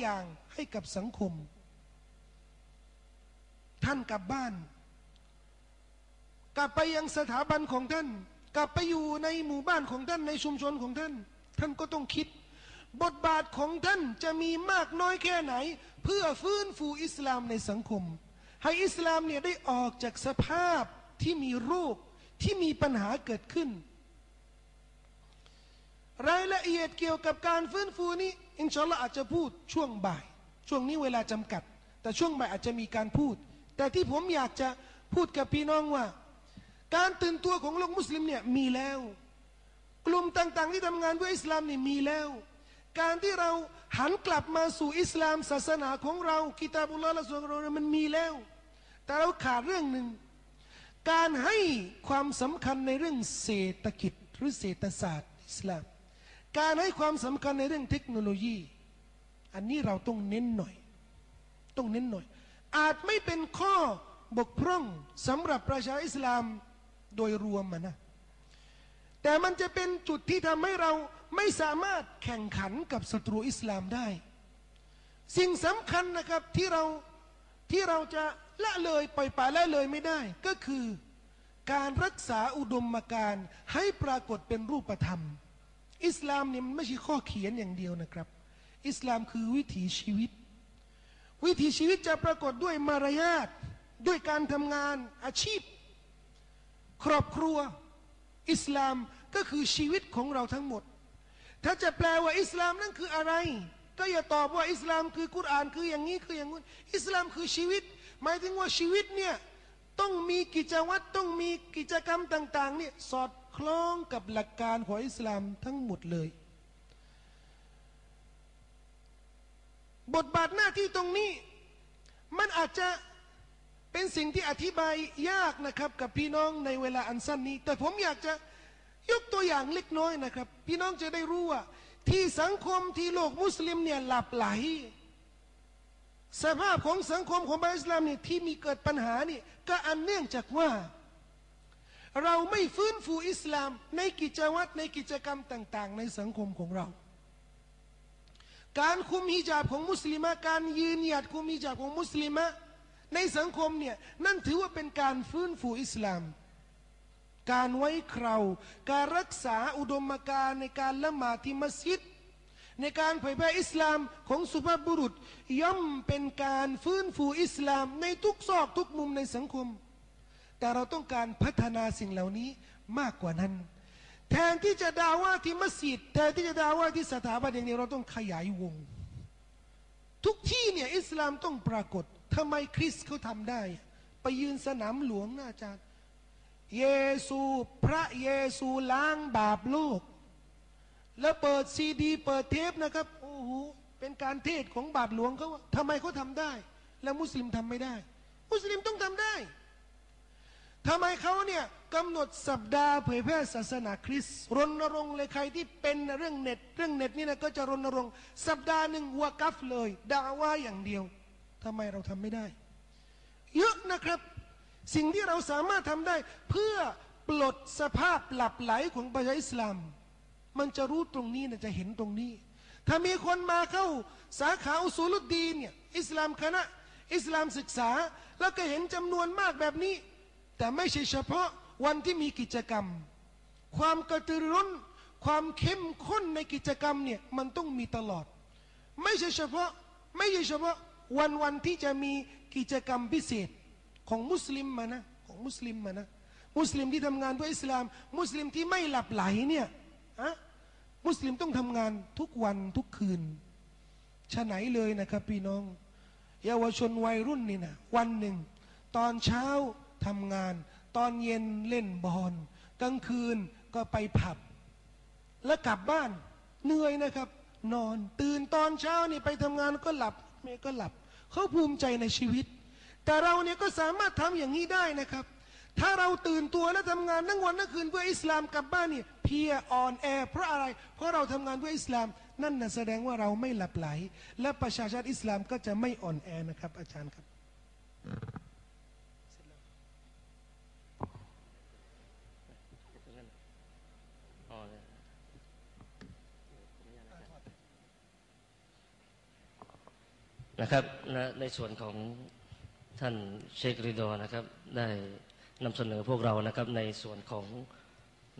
อย่างให้กับสังคม ท่านกลับบ้านกลับไปยังสถาบันของท่าน กลับไปอยู่ในหมู่บ้านของท่านในชุมชนของท่าน ท่านก็ต้องคิด บทบาทของท่านจะมีมากน้อยแค่ไหน เพื่อฟื้นฟูอิสลามในสังคม ให้อิสลามเนี่ยได้ออกจากสภาพที่มีรูปที่มีปัญหาเกิดขึ้น รายละเอียดเกี่ยวกับการฟื้นฟูนี้อินชาอัลลอฮ์อาจจะพูดช่วงบ่าย ช่วงนี้เวลาจำกัด แต่ช่วงบ่ายอาจจะมีการพูด แต่ที่ผมอยากจะพูดกับพี่น้องว่า การตื่นตัวของโลกมุสลิมเนี่ยมีแล้ว กลุ่มต่าง ๆ ที่ทำงานด้วยอิสลามนี่มีแล้ว การที่เราหันกลับมาสู่อิสลามศาสนาของเรากิตาบุลลอฮ์ละส่วนเรามันมีแล้ว แต่เราขาดเรื่องหนึ่งการให้ความสำคัญในเรื่องเศรษฐกิจหรือเศรษฐศาสตร์ อิสลามการให้ความสำคัญในเรื่องเทคโนโลยี อันนี้เราต้องเน้นหน่อย ต้องเน้นหน่อย อาจไม่เป็นข้อบกพร่องสำหรับประชาอิสลามโดยรวมนะ แต่มันจะเป็นจุดที่ทำให้เราไม่สามารถแข่งขันกับศัตรูอิสลามได้ สิ่งสำคัญนะครับที่เราที่เราจะละเลยปล่อยปละละเลยไม่ได้ ก็คือการรักษาอุดมการณ์ให้ปรากฏเป็นรูปธรรมอิสลามเนี่ยมันไม่ใช่ข้อเขียนอย่างเดียวนะครับ อิสลามคือวิถีชีวิต วิถีชีวิตจะปรากฏด้วยมารยาทด้วยการทำงานอาชีพ ครอบครัวอิสลามก็คือชีวิตของเราทั้งหมด ถ้าจะแปลว่าอิสลามนั่นคืออะไรก็อย่าตอบว่าอิสลามคือกุรอานคืออย่างนี้คืออย่างนู้นอิสลามคือชีวิต หมายถึงว่าชีวิตเนี่ยต้องมีกิจวัตรต้องมีกิจกรรมต่างๆเนี่ยสอดล้องกับหลักการของอิสลามทั้งหมดเลย บทบาทหน้าที่ตรงนี้มันอาจจะเป็นสิ่งที่อธิบายยากนะครับ กับพี่น้องในเวลาอันสั้นนี้ แต่ผมอยากจะยกตัวอย่างเล็กน้อยนะครับ พี่น้องจะได้รู้ว่า ที่สังคมที่โลกมุสลิมเนี่ยหลับไหลสภาพของสังคมของบาอิสลามเนี่ยที่มีเกิดปัญหานี่ก็อันเนื่องจากว่าเราไม่ฟื้นฟูอิสลามในกิจวัตรในกิจกรรมต่างๆในสังคมของเรา การคุมฮิญาบของมุสลิมะการยืนหยัดคุมฮิญาบของมุสลิมะในสังคมเนี่ยนั่นถือว่าเป็นการฟื้นฟูอิสลาม การไว้คราวการรักษาอุดมการในการละหมาดที่มัสยิด ในการเผยแพร่อิสลามของสุภาพบุรุษ ย่อมเป็นการฟื้นฟูอิสลามในทุกซอกทุกมุมในสังคมแต่เราต้องการพัฒนาสิ่งเหล่านี้มากกว่านั้น แทนที่จะด่าว่าที่มัสยิดแทนที่จะด่าว่าที่สถาบันอย่างนี้เราต้องขยายวง ทุกที่เนี่ยอิสลามต้องปรากฏทำไมคริสเขาทำได้ ไปยืนสนามหลวงนะอาจารย์เยซู พระเยซูล้างบาปโลกแล้วเปิดซีดี เปิดเทปนะครับโอ้โหเป็นการเทศของบาปหลวงเขาทำไมเขาทำได้ แล้วมุสลิมทำไม่ได้ มุสลิมต้องทำได้ทำไมเขาเนี่ยกำหนดสัปดาห์เผยแพร่ศาสนาคริสต์รณรงค์เลยใครที่เป็นเรื่องเน็ต เรื่องเน็ตนี่นะก็จะรณรงค์ สัปดาห์หนึ่งวัวกัฟเลยด่าว่าอย่างเดียวทำไมเราทำไม่ได้เยอะนะครับ สิ่งที่เราสามารถทำได้ เพื่อปลดสภาพหลับไหลของประชาอิสลาม มันจะรู้ตรงนี้นะจะเห็นตรงนี้ ถ้ามีคนมาเข้า สาขาอุสูลุดดีเนี่ยอิสลามคณะอิสลามศึกษาแล้วก็เห็นจำนวนมากแบบนี้แต่ไม่ใช่เฉพาะวันที่มีกิจกรรม ความกระตือร้นความเข้มข้นในกิจกรรมเนี่ย มันต้องมีตลอด ไม่ใช่เฉพาะไม่ใช่เฉพาะวันวันที่จะมีกิจกรรมพิเศษของมุสลิมมานะ ของมุสลิมมานะมุสลิมที่ทำงานด้วยอิสลาม มุสลิมที่ไม่หลับไหลเนี่ยอะมุสลิมต้องทำงานทุกวันทุกคืนชะไหนเลยนะครับ พี่น้อง เยาวชนวัยรุ่นนี่นะวันหนึ่งตอนเช้าทำงานตอนเย็นเล่นบอลกลางคืนก็ไปผับแล้วกลับบ้านเหนื่อยนะครับ นอนตื่นตอนเช้านี่ไปทำงานก็หลับเมก็หลับ เขาภูมิใจในชีวิต แต่เราเนี่ยก็สามารถทำอย่างนี้ได้นะครับ ถ้าเราตื่นตัวและทำงานทั้งวันทั้งคืนเพื่ออิสลามกลับบ้านนี่เพียอ่อนแอ เพราะอะไรเพราะเราทำงานเพื่ออิสลาม นั่นนะแสดงว่าเราไม่หลับไหล และประชาชาติอิสลามก็จะไม่อ่อนแอนะครับอาจารย์ครับนะครับในส่วนของท่านเชคริดอนะครับได้นำเสนอพวกเรานะครับในส่วนของ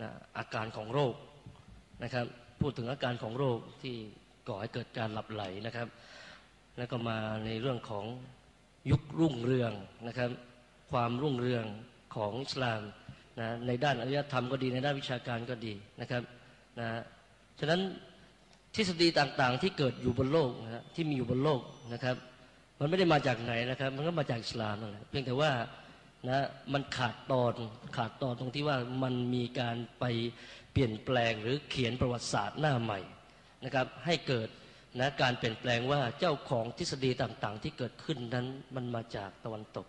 นะอาการของโรคนะครับพูดถึงอาการของโรคที่ก่อให้เกิดการหลับไหลนะครับแล้วก็มาในเรื่องของยุครุ่งเรืองนะครับความรุ่งเรืองของอิสลามนะในด้านอารยธรรมก็ดีในด้านวิชาการก็ดีนะครับนะฉะนั้นทฤษฎีต่างๆ ที่เกิดอยู่บนโลกนะที่มีอยู่บนโลกนะครับมันไม่ได้มาจากไหนนะครับมันก็มาจากอิสลามนั่นแหละเพียงแต่ว่านะมันขาดตอนขาดตอนตรงที่ว่ามันมีการไปเปลี่ยนแปลงหรือเขียนประวัติศาสตร์หน้าใหม่นะครับให้เกิดนะการเปลี่ยนแปลงว่าเจ้าของทฤษฎีต่างๆ ที่เกิดขึ้นนั้นมันมาจากตะวันตก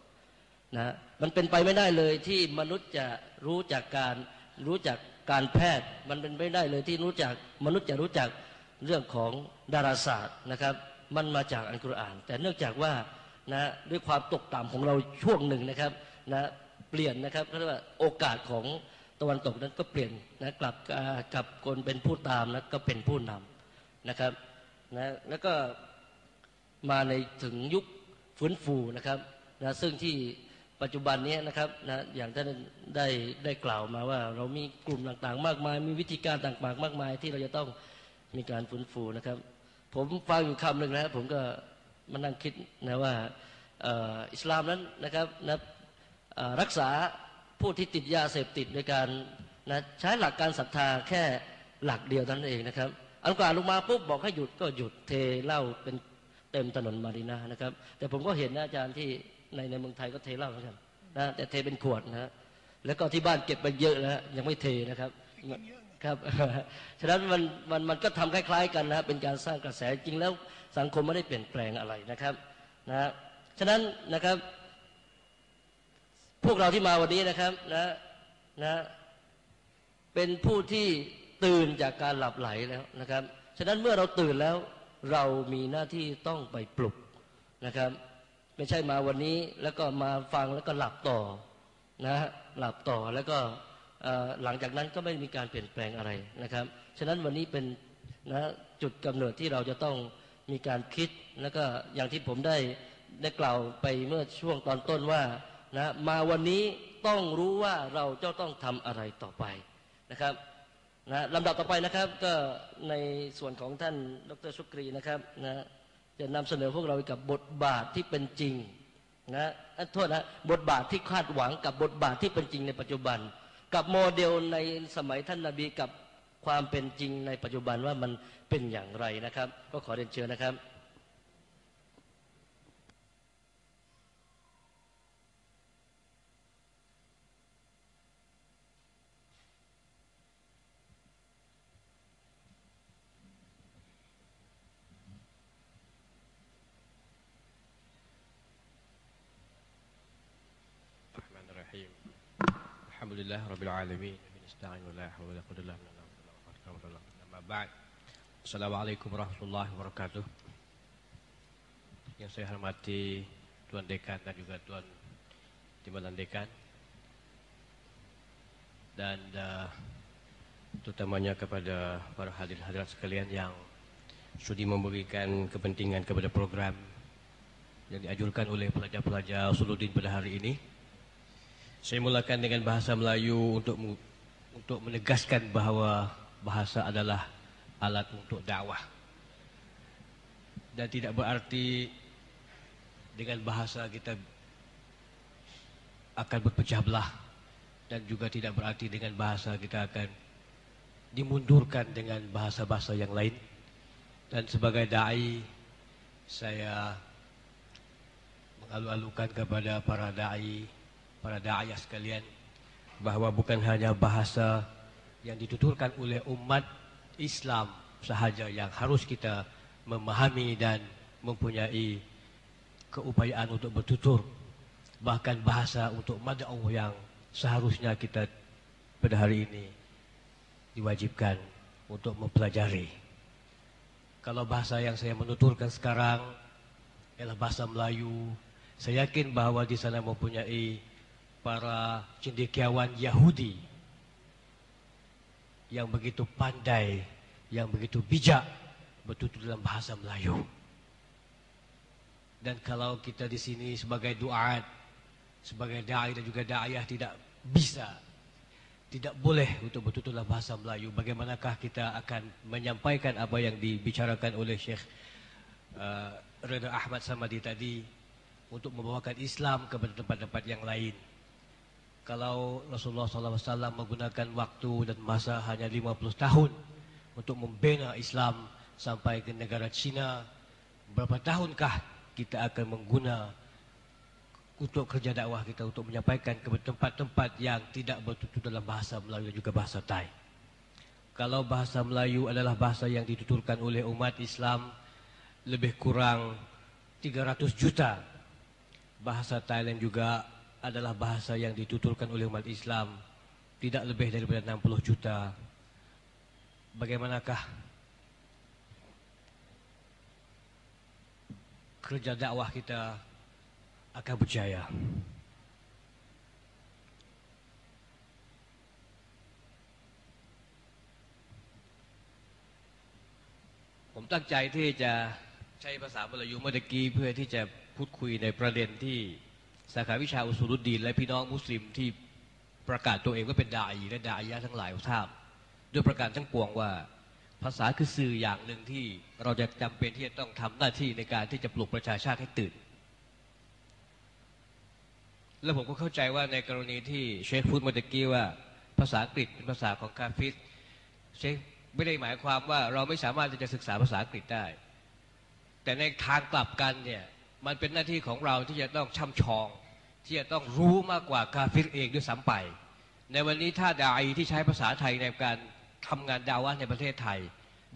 นะมันเป็นไปไม่ได้เลยที่มนุษย์จะรู้จากการรู้จากการแพทย์มันเป็นไม่ได้เลยที่รู้จักมนุษย์จะรู้จักเรื่องของดาราศาสตร์นะครับมันมาจากอัลกุรอาน แต่เนื่องจากว่านะด้วยความตกต่ำของเราช่วงหนึ่งนะครับนะเปลี่ยนนะครับเรียกว่าโอกาสของตะวันตกนั้นก็เปลี่ยนนะกลับกับคนเป็นผู้ตามนะก็เป็นผู้นำนะครับนะแล้วก็มาในถึงยุคฟื้นฟูนะครับนะซึ่งที่ปัจจุบันนี้นะครับนะอย่างท่านได้ได้กล่าวมาว่าเรามีกลุ่มต่างๆ มากมาย มีวิธีการต่างๆ มากมายที่เราจะต้องมีการฟื้นฟูนะครับ ผมฟังอยู่คำหนึ่งนะผมก็มานั่งคิดนะว่าอิสลามนั้นนะครับนะรักษาผู้ที่ติดยาเสพติดโดยการนะใช้หลักการศรัทธาแค่หลักเดียวเท่านั้นเองนะครับอันกว่าลงมาปุ๊บบอกให้หยุดก็หยุดเทเหล้าเป็นเต็มถนนมารีนานะครับ แต่ผมก็เห็นนะอาจารย์ที่ในในเมืองไทยก็เทเหล้าเหมือนกันนะแต่เทเป็นขวดนะแล้วก็ที่บ้านเก็บไปเยอะแล้วยังไม่เทนะครับครับ ฉะนั้นมันมันมันก็ทำคล้าย ๆ กันนะเป็นการสร้างกระแสจริงแล้วสังคมไม่ได้เปลี่ยนแปลงอะไรนะครับนะะฉะนั้นนะครับ พวกเราที่มาวันนี้นะครับ นะ นะ เป็นผู้ที่ตื่นจากการหลับไหลแล้วนะครับ ฉะนั้นเมื่อเราตื่นแล้วเรามีหน้าที่ต้องไปปลุกนะครับ ไม่ใช่มาวันนี้แล้วก็มาฟังแล้วก็หลับต่อนะหลับต่อแล้วก็หลังจากนั้นก็ไม่มีการเปลี่ยนแปลงอะไรนะครับ ฉะนั้นวันนี้เป็นนะจุดกำเนิดที่เราจะต้องมีการคิดแล้วก็อย่างที่ผมได้ได้กล่าวไปเมื่อช่วงตอนต้นว่านะมาวันนี้ต้องรู้ว่าเราจะต้องทำอะไรต่อไปนะครับนะลำดับต่อไปนะครับก็ในส่วนของท่านดรชุกรีนะครับนะจะนำเสนอพวกเรากับบทบาทที่เป็นจริงนะโทษนะบทบาทที่คาดหวังกับบทบาทที่เป็นจริงในปัจจุบันกับโมเดลในสมัยท่านนาบีกับความเป็นจริงในปัจจุบันว่ามันเป็นอย่างไรนะครับ ก็ขอเรียนเชิญนะครับ Alhamdulillah Rabbil Alamin Amin wa la hawla wa la quwwata illa billah Assalamualaikum warahmatullahi wabarakatuh Yang saya hormati Tuan Dekan dan juga Tuan Timbalan Dekan Dan uh, Terutamanya kepada Para hadirin-hadirat sekalian yang Sudi memberikan kepentingan kepada program Yang diajurkan oleh pelajar-pelajar Suludin pada hari ini saya mulakan dengan bahasa Melayu untuk untuk menegaskan bahawa bahasa adalah alat untuk dakwah. Dan tidak berarti dengan bahasa kita akan berpecah belah dan juga tidak berarti dengan bahasa kita akan dimundurkan dengan bahasa-bahasa yang lain. Dan sebagai dai saya mengalu-alukan kepada para dai para da'ayah sekalian bahawa bukan hanya bahasa yang dituturkan oleh umat Islam sahaja yang harus kita memahami dan mempunyai keupayaan untuk bertutur bahkan bahasa untuk mad'u yang seharusnya kita pada hari ini diwajibkan untuk mempelajari kalau bahasa yang saya menuturkan sekarang ialah bahasa Melayu saya yakin bahawa di sana mempunyai para cendekiawan Yahudi yang begitu pandai, yang begitu bijak betul dalam bahasa Melayu. Dan kalau kita di sini sebagai duaat, sebagai da'i dan juga da'ayah tidak bisa, tidak boleh untuk betul dalam bahasa Melayu, bagaimanakah kita akan menyampaikan apa yang dibicarakan oleh Syekh uh, Reda Ahmad Samadi tadi untuk membawakan Islam ke tempat-tempat yang lain kalau Rasulullah SAW menggunakan waktu dan masa hanya 50 tahun untuk membina Islam sampai ke negara China, berapa tahunkah kita akan mengguna untuk kerja dakwah kita untuk menyampaikan ke tempat-tempat yang tidak bertutur dalam bahasa Melayu dan juga bahasa Thai? Kalau bahasa Melayu adalah bahasa yang dituturkan oleh umat Islam lebih kurang 300 juta. Bahasa Thailand juga adalah bahasa yang dituturkan oleh umat Islam tidak lebih daripada 60 juta. Bagaimanakah kerja dakwah kita akan berjaya? Saya tak untuk bahasa berbincang ผมตั้งใจที่จะใช้ภาษาบาลีเมื่อตะกี้เพื่อที่จะพูดคุยในประเด็นที่สาขาวิชาอุสุรุดีนและพี่น้องมุสลิม ที่ประกาศตัวเองว่าเป็นดาอีและดาอียะทั้งหลายทราบ ด้วยประการทั้งปวงว่าภาษาคือสื่ออย่างหนึ่งที่เราจะจำเป็นที่จะต้องทำหน้าที่ในการที่จะปลุกประชาชาติให้ตื่น และผมก็เข้าใจว่าในกรณีที่เชคฟูดมืตอกี้ว่าภาษาอังกฤษเป็นภาษาของคาฟิสเชคไม่ได้หมายความว่าเราไม่สามารถจะศึกษาภาษาอังกฤษได้ แต่ในทางกลับกันเนี่ยมันเป็นหน้าที่ของเราที่จะต้องช่ำชองที่จะต้องรู้มากกว่ากาฟิรเองด้วยซ้ำไป ในวันนี้ถ้าดาอีที่ใช้ภาษาไทยในการทำงานดาวะในประเทศไทย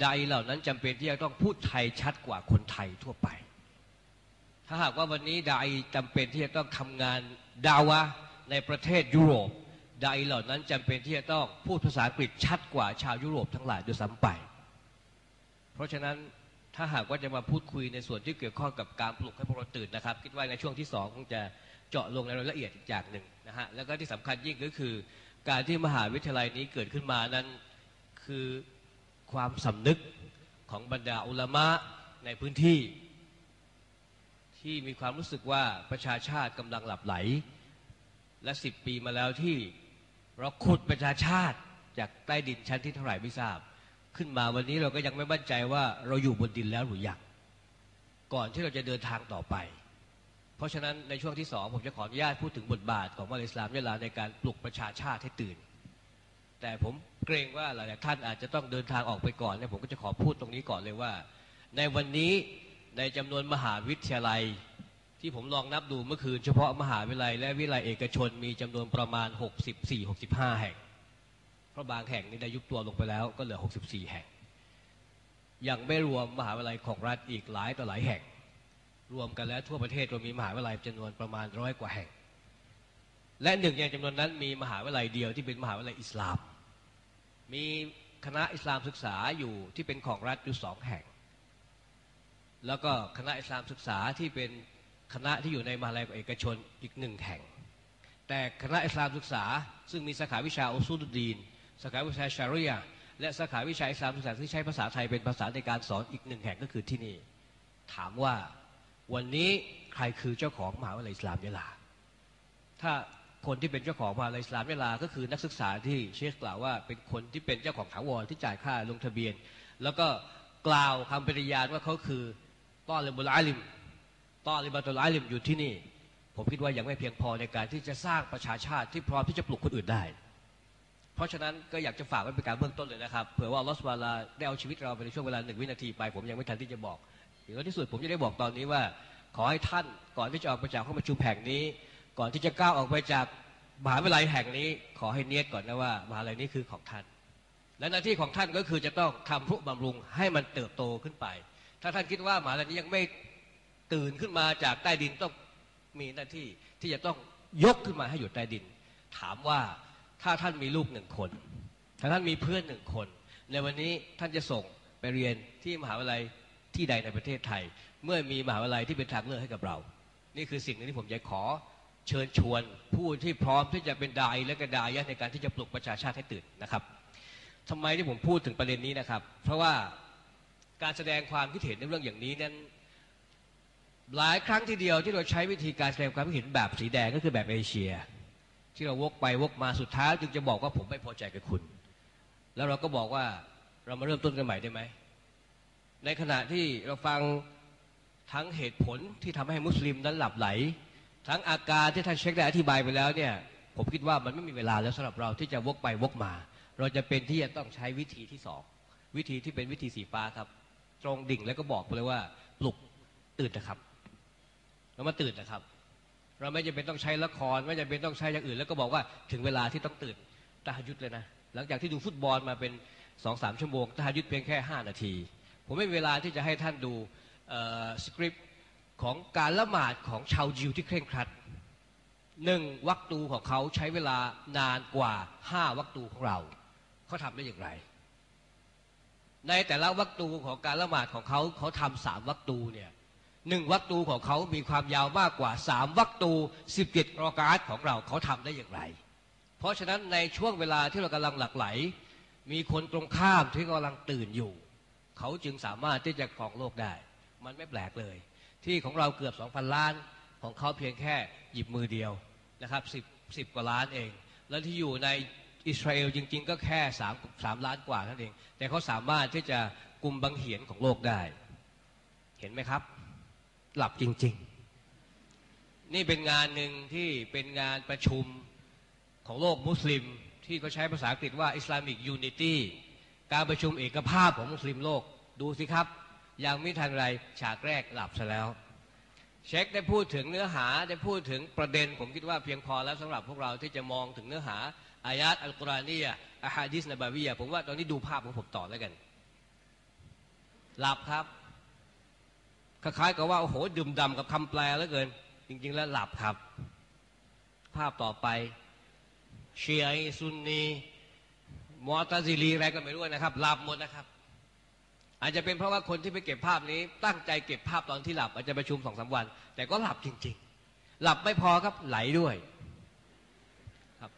ดาอีเหล่านั้นจำเป็นที่จะต้องพูดไทยชัดกว่าคนไทยทั่วไป ถ้าหากว่าวันนี้ดาอีจำเป็นที่จะต้องทำงานดาวะในประเทศยุโรปดาอีเหล่านั้นจำเป็นที่จะต้องพูดภาษาอังกฤษชัดกว่าชาวยุโรปทั้งหลายด้วยซ้ำไป เพราะฉะนั้นถ้าหากว่าจะมาพูดคุยในส่วนที่เกี่ยวข้องกับการปลุกให้พวกเราตื่นนะครับ คิดว่าในช่วงที่สองคงจะเจาะลงในรายละเอียดอีกอย่างหนึ่งนะฮะแล้วก็ที่สำคัญยิ่งก็คือการที่มหาวิทยาลัยนี้เกิดขึ้นมานั้นคือความสำนึกของบรรดาอุลามะในพื้นที่ ที่มีความรู้สึกว่าประชาชาติกำลังหลับไหลและสิบปีมาแล้วที่ เราขุดประชาชาติจากใต้ดินชั้นที่เท่าไหร่ไม่ทราบ ขึ้นมาวันนี้เราก็ยังไม่มั่นใจว่าเราอยู่บนดินแล้วหรือยังก่อนที่เราจะเดินทางต่อไปเพราะฉะนั้น ในช่วงที่สองผมจะขออนุญาตพูดถึงบทบาทของมัลลิสลามเวลาในการปลุกประชาชาติให้ตื่น แต่ผมเกรงว่าหลายท่านอาจจะต้องเดินทางออกไปก่อนเนี่ยผมก็จะขอพูดตรงนี้ก่อนเลยว่า ในวันนี้ในจำนวนมหาวิทยาลัยที่ผมลองนับดูเมื่อคืน เฉพาะมหาวิทยาลัยและวิทยาลัยเอกชนมีจำนวนประมาณ 64-65 แห่ง เพราะบางแห่งนี่ได้ยุบตัวลงไปแล้วก็เหลือ 64 แห่งยังไม่รวมมหาวิทยาลัยของรัฐอีกหลายต่อหลายแห่งรวมกันแล้วทั่วประเทศ เรามีมหาวิทยาลัยจำนวนประมาณร้อยกว่าแห่ง และหนึ่งในจำนวนนั้นมีมหาวิทยาลัยเดียวที่เป็นมหาวิทยาลัยอิสลาม มีคณะอิสลามศึกษาอยู่ที่เป็นของรัฐอยู่สองแห่ง แล้วก็คณะอิสลามศึกษาที่เป็นคณะที่อยู่ในมหาวิทยาลัยเอกชนอีกหนึ่งแห่ง แต่คณะอิสลามศึกษาซึ่งมีสาขาวิชาอุซูดดีน สาขาวิชาชาริยาและสาขาวิชาอิสลามศึกษาที่ใช้ภาษาไทยเป็นภาษาในการสอนอีกหนึ่งแห่งก็คือที่นี่ ถามว่าวันนี้ใครคือเจ้าของมหาวิทยาลัยอิสลามยะลา ถ้าคนที่เป็นเจ้าของมหาวิทยาลัยอิสลามยะลา ก็คือนักศึกษาที่เชคกล่าวว่า เป็นคนที่เป็นเจ้าของถาวรที่จ่ายค่าลงทะเบียน แล้วก็กล่าวคำปฏิญาณว่าเขาคือต้อนเลบุลไลลิมต้อนเลบัตุลไลลิมอยู่ที่นี่ ผมคิดว่ายังไม่เพียงพอในการที่จะสร้างประชาชาติที่พร้อมที่จะปลุกคนอื่นได้ เพราะฉะนั้นก็อยากจะฝากไว้เป็นการเบื้องต้นเลยนะครับเผื่อว่าลอสวาลาได้เอาชีวิตเราไปในช่วงเวลาหนึ่งวินาทีไปผมยังไม่ทันที่จะบอกอย่าที่สุดผมจะได้บอกตอนนี้ว่าขอให้ท่านก่อนที่จะออกไปจากห้องประชุมแห่งนี้ ก่อนที่จะก้าวออกไปจากมหาวิทยาลัยแห่งนี้ ขอให้เนียดก่อนนะว่ามหาวิทยาลัยนี้คือของท่าน และหน้าที่ของท่านก็คือจะต้องทำพุบำรุงให้มันเติบโตขึ้นไป ถ้าท่านคิดว่ามหาลัยนี้ยังไม่ตื่นขึ้นมาจากใต้ดินต้องมีหน้าที่ที่จะต้องยกขึ้นมาให้อยู่ใต้ดิน ถามว่าถ้าท่านมีลูกหนึ่งคนถ้าท่านมีเพื่อนหนึ่งคน ในวันนี้ท่านจะส่งไปเรียนที่มหาวิทยาลัยที่ใดในประเทศไทยเมื่อมีมหาวิทยาลัยที่เป็นทางเลือกให้กับเรา นี่คือสิ่งหนึ่งที่ผมอยากขอเชิญชวนผู้ที่พร้อมที่จะเป็นดายและกระดายในการที่จะปลุกประชาชาติให้ตื่นนะครับ ทำไมที่ผมพูดถึงประเด็นนี้นะครับ เพราะว่าการแสดงความคิดเห็นในเรื่องอย่างนี้นั้นหลายครั้งทีเดียวที่เราใช้วิธีการแสดงความคิดเห็นแบบสีแดงก็คือแบบเอเชีย ที่เราวกไปวกมาสุดท้าย จึงจะบอกว่าผมไม่พอใจกับคุณ แล้วเราก็บอกว่าเรามาเริ่มต้นกันใหม่ได้ไหมในขณะที่เราฟังทั้งเหตุผลที่ทำให้มุสลิมนั้นหลับไหล ทั้งอาการที่ท่านเช็คได้อธิบายไปแล้วเนี่ยผมคิดว่ามันไม่มีเวลาแล้วสำหรับเราที่จะวกไปวกมา เราจะเป็นที่จะต้องใช้วิธีที่สอง วิธีที่เป็นวิธีสีฟ้าครับ ตรงดิ่งแล้วก็บอกไปเลยว่าปลุกตื่นนะครับ เรามาตื่นนะครับ เราไม่จำเป็นต้องใช้ละคร ไม่จำเป็นต้องใช้อย่างอื่น แล้วก็บอกว่าถึงเวลาที่ต้องตื่นตาหยุดเลยนะหลังจากที่ดูฟุตบอลมาเป็นสองสามชั่วโมงตาหยุดเพียงแค่ห้านาทีผมไม่มีเวลาที่จะให้ท่านดูสคริปต์ของการละหมาดของชาวยิวที่เคร่งครัดหนึ่งวัคตูของเขาใช้เวลานานกว่าห้าวัคตูของเรา เขาทำได้อย่างไร ในแต่ละวัคตูของการละหมาดของเขาเขาทำสามวัคตูเนี่ยหนึ่งวัคตูของเขามีความยาวมากกว่าสามวัคตูสิบเจ็ดรอกาสของเราเขาทำได้อย่างไร เพราะฉะนั้นในช่วงเวลาที่เรากำลังหลักไหล มีคนตรงข้ามที่กำลังตื่นอยู่เขาจึงสามารถที่จะครองโลกได้ มันไม่แปลกเลย ที่ของเราเกือบ 2,000 ล้านของเขาเพียงแค่หยิบมือเดียวนะครับ 10 10กว่าล้านเอง แล้วที่อยู่ในอิสราเอลจริงๆก็แค่3 3ล้านกว่านั่นเอง แต่เขาสามารถที่จะกลุ่มบังเหียนของโลกได้ เห็นไหมครับ หลับจริงๆ นี่เป็นงานหนึ่งที่เป็นงานประชุมของโลกมุสลิมที่เขาใช้ภาษาอังกฤษว่า Islamic Unity การประชุมเอกภาพของมุสลิมโลก ดูสิครับ ยังไม่ทันไรฉากแรกหลับซะแล้ว เช็คได้พูดถึงเนื้อหาได้พูดถึงประเด็นผมคิดว่าเพียงพอแล้ว สำหรับพวกเราที่จะมองถึงเนื้อหา อายาตอัลกุรอานียอะฮะดิสนบาวียผมว่าตอนนี้ดูภาพของผมต่อแล้วกัน หลับครับ คล้ายๆกับว่าโอ้โหดื่มดำกับคำแปลแล้วเกิน จริงๆ แล้วหลับครับ ภาพต่อไป เชียร์ซุนนีมอตาซิลีอะไรก็ไม่รู้นะครับหลับหมดนะครับ อาจจะเป็นเพราะว่าคนที่ไปเก็บภาพนี้ ตั้งใจเก็บภาพตอนที่หลับ อาจจะประชุมสองสาวันแต่ก็หลับจริงๆ หลับไม่พอครับไหลด้วยครับ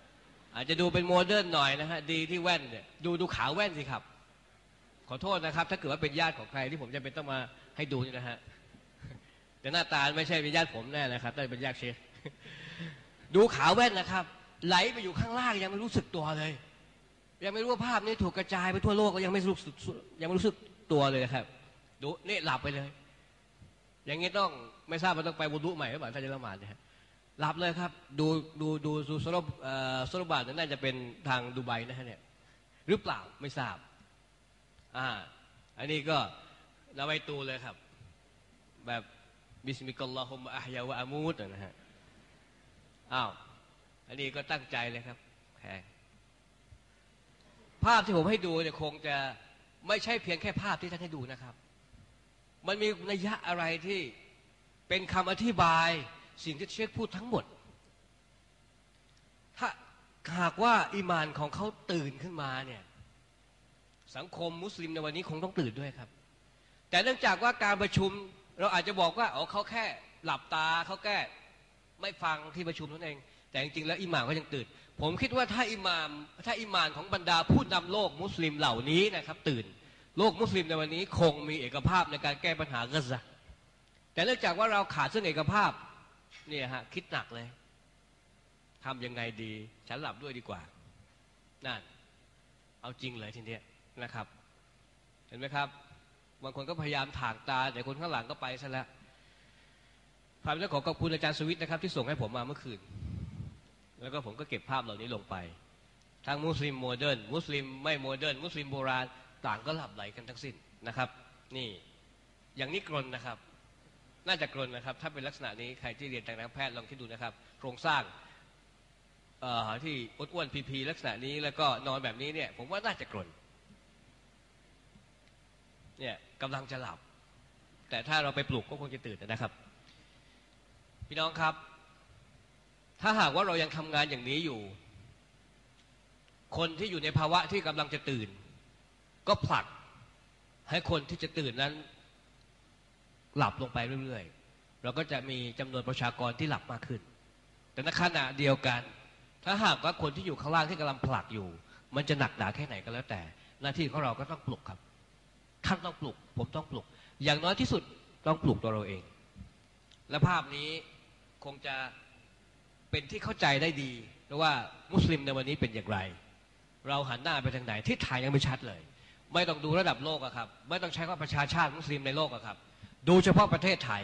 อาจจะดูเป็นโมเดิร์นหน่อยนะฮะดีที่แว่นเนี่ยดูดูขาแว่นสิครับ ขอโทษนะครับ ถ้าเกิดว่าเป็นญาติของใครที่ผมจะเป็นต้องมาให้ดูนี่นะฮะแต่หน้าตาไม่ใช่เป็นญาติผมแน่นะครับ แต่เป็นญาติเชฟดูขาแว่นนะครับ ไหลไปอยู่ข้างล่างยังไม่รู้สึกตัวเลยยังไม่รู้ว่าภาพนี้ถูกกระจายไปทั่วโลกก็ยังไม่รู้สึกยังไม่รู้สึกตัวเลยนะครับดูนี่หลับไปเลยอย่างนี้ต้อง ไม่ทราบว่าต้องไปบุฒิใหม่หรือเปล่าถ้าจะละหมาดนะฮะหลับเลยครับดูดูดูสุสรบสรบาทน่าจะเป็นทางดูไบนะฮะเนี่ยหรือเปล่าไม่ทราบอ่าอันนี้ก็ละไวตูเลยครับ แบบบิสมิลลาฮุมอัฮยาวะอามูดนะฮะอ้าวอันนี้ก็ตั้งใจเลยครับแขกภาพที่ผมให้ดูเนี่ยคงจะไม่ใช่เพียงแค่ภาพที่ท่านให้ดูนะครับ มันมีนัยยะอะไรที่เป็นคำอธิบายสิ่งที่เชคพูดทั้งหมด ถ้าหากว่าอิมานของเขาตื่นขึ้นมาเนี่ยสังคมมุสลิมในวันนี้คงต้องตื่นด้วยครับ แต่เนื่องจากว่าการประชุมเราอาจจะบอกว่าอ๋อเขาแค่หลับตาเขาแค่ไม่ฟังที่ประชุมนั่นเอง แต่จริงๆแล้วอิหม่านก็ยังตื่นผมคิดว่าถ้าอิหมามถ้าอิหมานของบรรดาผู้นำโลกมุสลิมเหล่านี้นะครับ ตื่น โลกมุสลิมในวันนี้คงมีเอกภาพในการแก้ปัญหากษัตริย์แต่เนื่องจากว่าเราขาดซึ่งเอกภาพเนี่ยฮะคิดหนักเลยทำยังไงดี ฉันหลับด้วยดีกว่านั่นเอาจริงเลยทีเนี้ยนะครับ เห็นไหมครับ บางคนก็พยายามถางตาแต่คนข้างหลังก็ไปซะแล้วความแล้ของขอบคุณอาจารย์สวิตนะครับที่ส่งให้ผมมาเมื่อคืนแล้วก็ผมก็เก็บภาพเหล่านี้ลงไป ทั้งมุสลิมโมเดิร์น มุสลิมไม่โมเดิร์น มุสลิมโบราณ ต่างก็หลับไหลกันทั้งสิ้นนะครับ นี่ อย่างนี้กลนนะครับ น่าจะกลนนะครับ ถ้าเป็นลักษณะนี้ ใครที่เรียนทางการแพทย์ลองคิดดูนะครับ โครงสร้าง ที่อ้วนๆพีๆลักษณะนี้ แล้วก็นอนแบบนี้เนี่ย ผมว่าน่าจะกลนเนี่ยกำลังจะหลับ แต่ถ้าเราไปปลุกก็คงจะตื่นนะครับ พี่น้องครับถ้าหากว่าเรายังทำงานอย่างนี้อยู่ คนที่อยู่ในภาวะที่กำลังจะตื่น ก็ผลักให้คนที่จะตื่นนั้น หลับลงไปเรื่อยๆ เราก็จะมีจำนวนประชากรที่หลับมากขึ้น แต่ในขณะเดียวกัน ถ้าหากว่าคนที่อยู่ข้างล่างที่กำลังผลักอยู่ มันจะหนักหนาแค่ไหนก็แล้วแต่ หน้าที่ของเราก็ต้องปลุกครับท่านต้องปลุก ผมต้องปลุก อย่างน้อยที่สุดต้องปลุกตัวเราเอง และภาพนี้คงจะเป็นที่เข้าใจได้ดีว่ามุสลิมในวันนี้เป็นอย่างไร เราหันหน้าไปทางไหนทิศทางยังไม่ชัดเลย ไม่ต้องดูระดับโลกอะครับ ไม่ต้องใช้ว่าประชาชาติมุสลิมในโลกอะครับ ดูเฉพาะประเทศไทย